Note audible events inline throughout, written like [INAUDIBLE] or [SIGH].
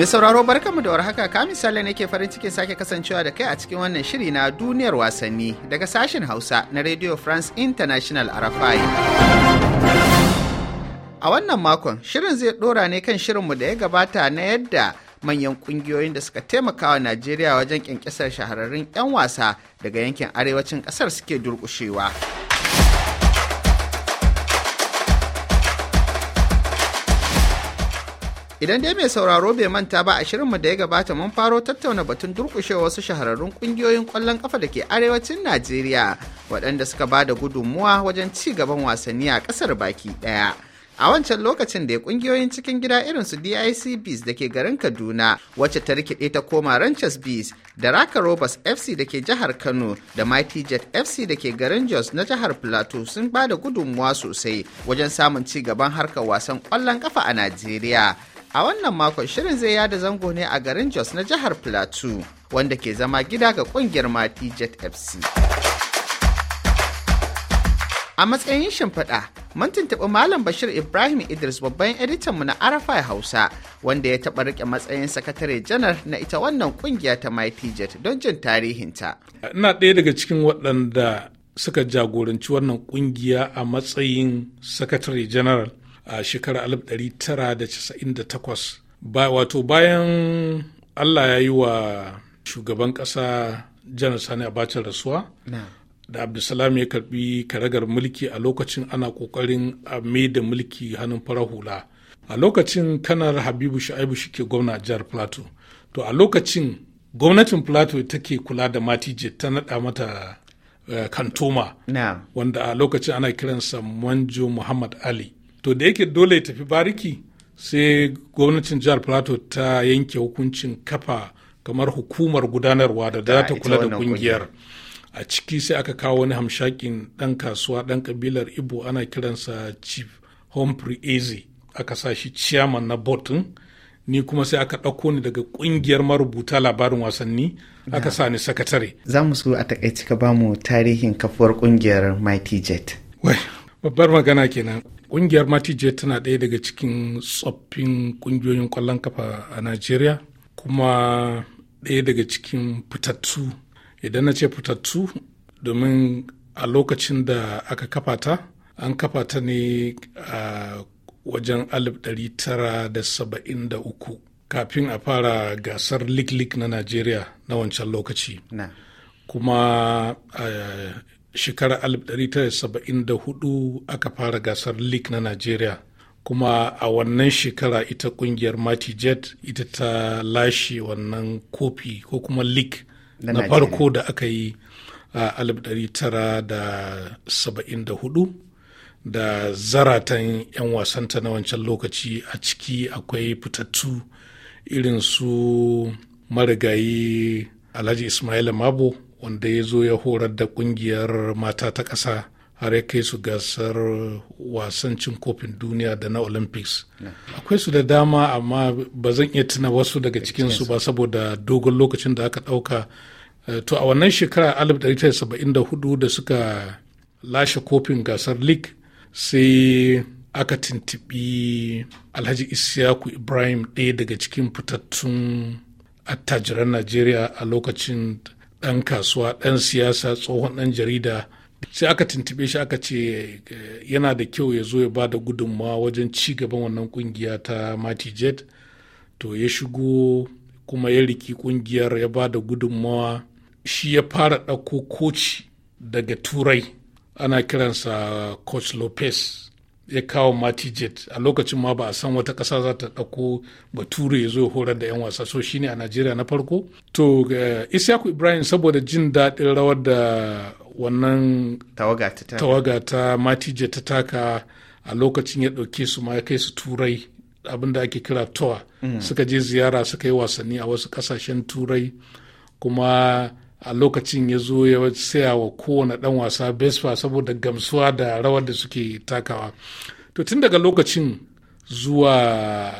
Mai sauraro barkanmu da warhaka ka misali ke farin ciki sake kasancewa da kai a cikin wannan shiri na duniyar wasanni daga sashen Hausa na Radio France International Arafai. A wannan makon shirin zai dora ne kan shirinmu da ya gabata na yadda manyan kungiyoyin da suka taimaka wa Najeriya wajen kyankyasar shahararrun 'yan wasa daga yankin arewacin ƙasar suke durƙushewa. Idan dai mai sauraro bai manta ba a shirinmu da ya gabata mun faro tattauna batun durkushe wasu shahararrun kungiyoyin kwallon kafa da ke arewacin Najeriya waɗanda suka ba da gudunmuwa wajen ci gaban wasanni a ƙasar baki ɗaya. a wancan lokacin da ya kungiyoyin cikin gida irin su dic bees da ke garin kaduna wacce ta rikide ta koma ranchers bees da raka robas fc da ke jihar kano da mighty jet fc da ke garin jos na jihar plateau sun bada da gudunmuwa sosai wajen samun ci gaban harkar wasan kwallon kafa a najeriya A wannan makon shirin zai yada zango ne a garin Jos na jihar Plateau wanda ke zama gida ga kungiyar Mati Jet FC. A matsayin shimfiɗa, mun tuntuɓi Malam Bashir Ibrahim Idris babban editanmu na Arafa Hausa wanda ya taɓa rike matsayin sakatare janar na ita wannan ƙungiya ta Mighty Jet don jin tarihinta. Ina ɗaya daga cikin waɗanda suka jagoranci wannan ƙungiya a matsayin sakatare janar. a shekarar 1998 ba wato bayan allah ya yi wa shugaban ƙasa janar sani abacha rasuwa da abdulsalam ya karbi karagar mulki a lokacin ana kokarin a mai da mulki hannun fara hula a lokacin kanar habibu shu'aibu ke gwamna jihar plateau to a lokacin gwamnatin plateau take kula da matije ta nada mata eh, kantoma wanda a lokacin ana kiransa manjo muhammad ali to da yake dole ya tafi bariki sai gwamnatin jihar plateau ta yanke hukuncin kafa kamar hukumar gudanarwa da za ta kula da kungiyar a ciki sai aka kawo wani hamshakin dan kasuwa dan kabilar ibo ana kiransa chief humphrey eze aka sa shi ciyaman na botin ni kuma sai aka ɗauko ni daga ƙungiyar marubuta labarin wasanni aka sa ni sakatare za mu so a takaici ka ba mu tarihin kafuwar ƙungiyar mighty jet babbar magana kenan Ƙungiyar Matije tana ɗaya daga cikin tsoffin ƙungiyoyin ƙwallon kafa a Najeriya kuma ɗaya daga cikin fitattu. Idan na ce fitattu domin a lokacin da aka kafa ta, an kafa ta ne a wajen 1973 kafin a fara gasar lik-lik na Najeriya na wancan lokaci. Kuma shekarar 1974 aka fara gasar league na Najeriya. Kuma a wannan shekara ita kungiyar Mati Jet ita ta lashe wannan kofi ko kuma league na farko da aka yi a alif 1974 da zaratan 'yan wasanta na wancan lokaci a ciki akwai fitattu irin su marigayi Alhaji Ismaila Mabo. wanda ya zo ya horar da kungiyar mata ta ƙasa har ya kai su gasar wasan cin kofin duniya da na olympics akwai su da dama amma ba zan iya tuna wasu daga cikinsu ba saboda dogon lokacin da aka ɗauka eh, to a wannan shekara 1974 da suka lashe kofin gasar league sai aka tuntubi alhaji isiyaku ibrahim ɗaya daga cikin fitattun attajiran najeriya a lokacin ɗan kasuwa ɗan siyasa tsohon ɗan jarida sai aka tuntube shi aka ce eh, yana da kyau ya zo ya ba da gudunmawa wajen ci gaban wannan kungiya ta mati jet to ya shigo kuma ya riki kungiyar ya ba da gudunmawa shi ya fara ɗauko koci daga turai ana kiransa coach lopez ya kawo matijet a lokacin ma ba a san wata ƙasa za ta ɗauko bature ya zo horar da 'yan wasa so shine a najeriya na farko to eh, isyaku ibrahim saboda jin daɗin rawar da wannan tawaga ta matijet ta taka a lokacin ya ɗauke su ma ya kai su turai abinda ake kira towa mm. suka je ziyara suka yi wasanni a wasu ƙasashen turai kuma a lokacin ya zo ya saya wa kowane ɗan wasa bespa saboda gamsuwa da rawar da suke takawa to tun daga lokacin zuwa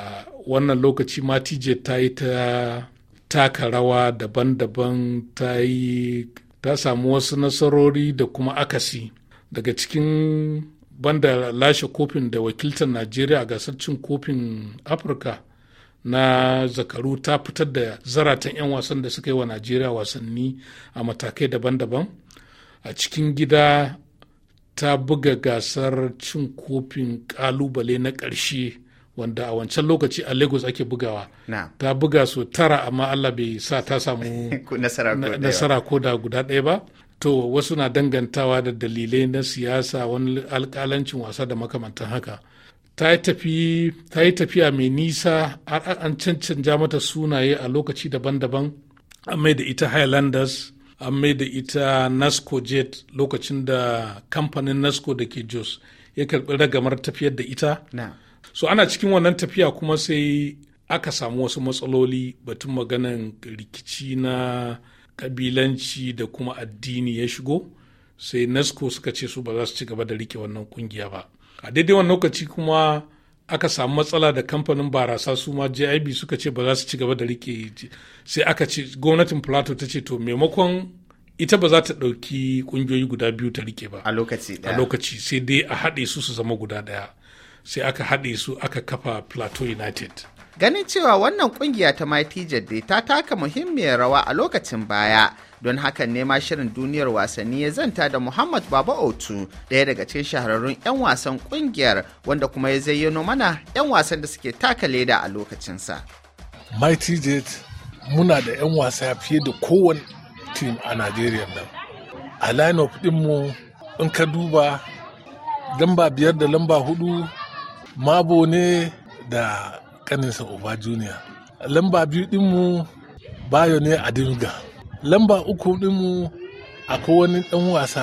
wannan lokaci ma tj ta yi ta taka rawa daban-daban ta yi ta samu wasu nasarori da kuma akasi daga cikin banda lashe kofin da wakiltar najeriya a gasar cin kofin afirka na zakaru ta fitar da zaratan 'yan wasan da suka yi wa najeriya wasanni a matakai daban-daban a cikin gida ta buga gasar cin kofin kalubale na ƙarshe wanda a wancan lokaci a lagos ake bugawa ta buga so tara amma allah bai sa ta samu [LAUGHS] nasara ko da guda ɗaya ba to wasu na dangantawa da dalilai na siyasa wani alkalancin wasa da makamantan haka ta yi tafiya mai nisa an cancanja mata sunaye a lokaci daban-daban an mai da ita highlanders an mai da ita nasco jet lokacin da kamfanin nasco da ke jos ya karbi ragamar tafiyar da ita so ana cikin wannan tafiya kuma sai aka samu wasu matsaloli batun maganan rikici na kabilanci da kuma addini ya shigo sai nasco suka ce su ba za su ci gaba da rike wannan kungiya ba a daidai wani lokaci kuma aka samu matsala da kamfanin barasa su ma jib suka ce ba za su ci gaba da rike sai aka ce gwamnatin plateau ta ce to maimakon ita ba za ta ɗauki ƙungiyoyi guda biyu ta rike ba a lokaci a lokaci sai dai a haɗe su su zama guda ɗaya sai aka haɗe su aka kafa plateau united Ganin cewa wannan kungiya ta Mighty dai ta taka muhimmiyar rawa a lokacin baya. Don hakan ne ma shirin duniyar wasanni ya zanta da Muhammad Baba Otu, ɗaya daga cikin shahararrun 'yan wasan kungiyar wanda kuma ya zayyano mana 'yan wasan da suke taka leda a lokacinsa. Mighty Jet muna da 'yan wasa fiye da kowane team a Najeriya nan. A line-up ɗinmu in ka duba lamba biyar da lamba hudu mabo ne da kaninsa Oba Junior. Lamba biyu dinmu bayo ne a dinga. Lamba uku ɗinmu akwai wani ɗan wasa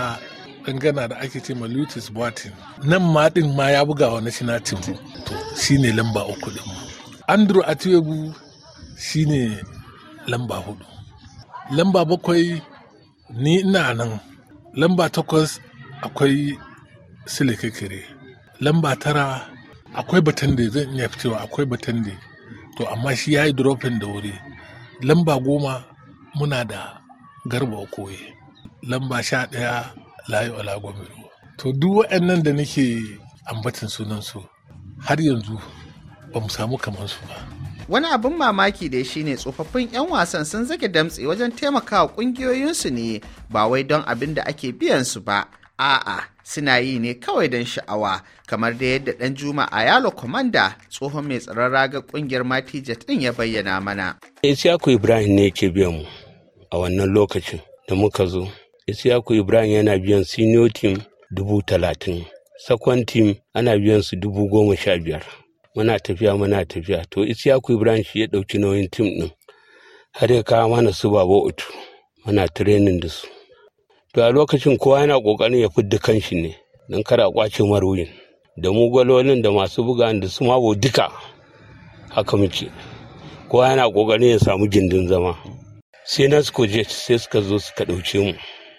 dangana da ake ce malutis Boatin. Nan ma ɗin ma ya buga shi, na team. To shi ne lamba uku dinmu Andrew Atiwebu shi ne lamba hudu. Lamba bakwai ni ina nan. Lamba takwas akwai Sile Lamba tara akwai da zan iya cewa akwai da to amma shi ya yi dropin da wuri lamba goma muna da garba koye lamba sha ɗaya layi olagomiro to duk waɗannan da nake ambatin sunansu har yanzu ba mu samu su ba wani abin mamaki da shi ne tsofaffin 'yan wasan sun zage damtse wajen taimakawa ƙungiyoyinsu ne ba wai don abin da ake biyan su ba a'a suna yi ne kawai don sha'awa kamar da yadda ɗan juma'a, yalo komanda tsohon mai tsaron raga ƙungiyar Matijat ɗin ya bayyana mana. isiyaku ibrahim ne yake biyan mu a wannan lokacin da muka zo isiyaku ibrahim yana biyan senior team dubu talatin second team ana biyan su dubu goma sha biyar muna tafiya muna tafiya to isiyaku ibrahim shi ya ɗauki nauyin tim ɗin har ya kawo mana su baba utu muna tirenin da su to a lokacin kowa yana ƙoƙarin ya fidda kanshi ne don kada a kwace maruyin da mu da masu buga da su mabo duka haka muke kowa yana kokarin ya samu gindin zama sai nasco jet sai suka zo suka ɗauke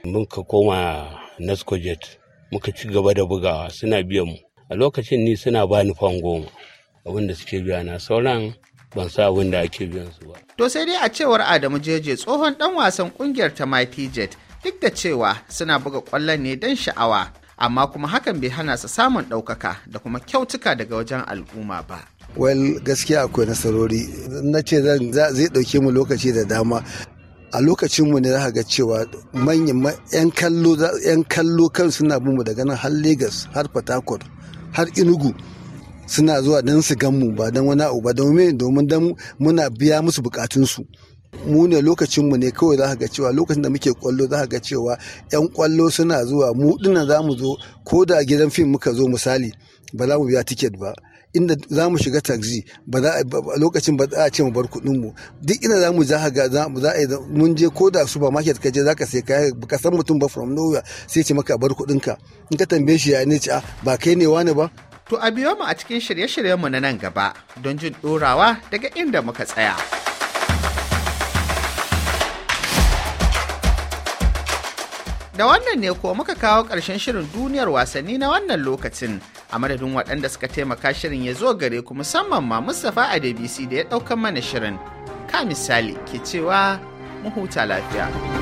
mu mun ka koma nasco jet muka ci gaba da bugawa suna biyan mu a lokacin ni suna bani fan goma abin da suke biya na sauran ban sa abin da ake biyan su ba. To sai dai a cewar Adamu Jeje tsohon dan wasan kungiyar ta Mighty Jet duk da cewa suna buga kwallon ne don sha'awa amma kuma hakan bai hana su samun ɗaukaka da kuma kyautuka daga wajen al'umma ba. Well gaskiya akwai nasarori na ce zai ɗauke mu lokaci da dama a lokacinmu ne za ga cewa manyan 'yan kallo kan suna bin mu daga nan har Legas har Port har Enugu suna zuwa don su gan mu ba don wani abu ba domin domin don muna biya musu bukatunsu mu ne lokacin mu ne kawai za ga cewa lokacin da muke kwallo za ga cewa yan kwallo suna zuwa mu dinnan za mu zo ko da gidan fim muka zo misali ba za mu biya tiket ba inda za mu shiga taxi ba za lokacin ba za a ce mu bar kuɗin mu duk inda za mu za ga za a mun je ko da supermarket ka je za ka sai kaya ka san mutum ba from nowhere sai ce maka bar kuɗin ka in ka tambaye shi ya ne ce ah, ba kai ne wani ba to a biyo mu a cikin shirye-shiryenmu na nan gaba don jin ɗorawa daga inda muka tsaya. Da wannan ne ko muka kawo ƙarshen shirin duniyar wasanni na wannan lokacin a madadin waɗanda suka taimaka shirin ya zo gare ku musamman ma Mustapha a da ya ɗaukan mana shirin. Ka misali ke cewa mu huta lafiya.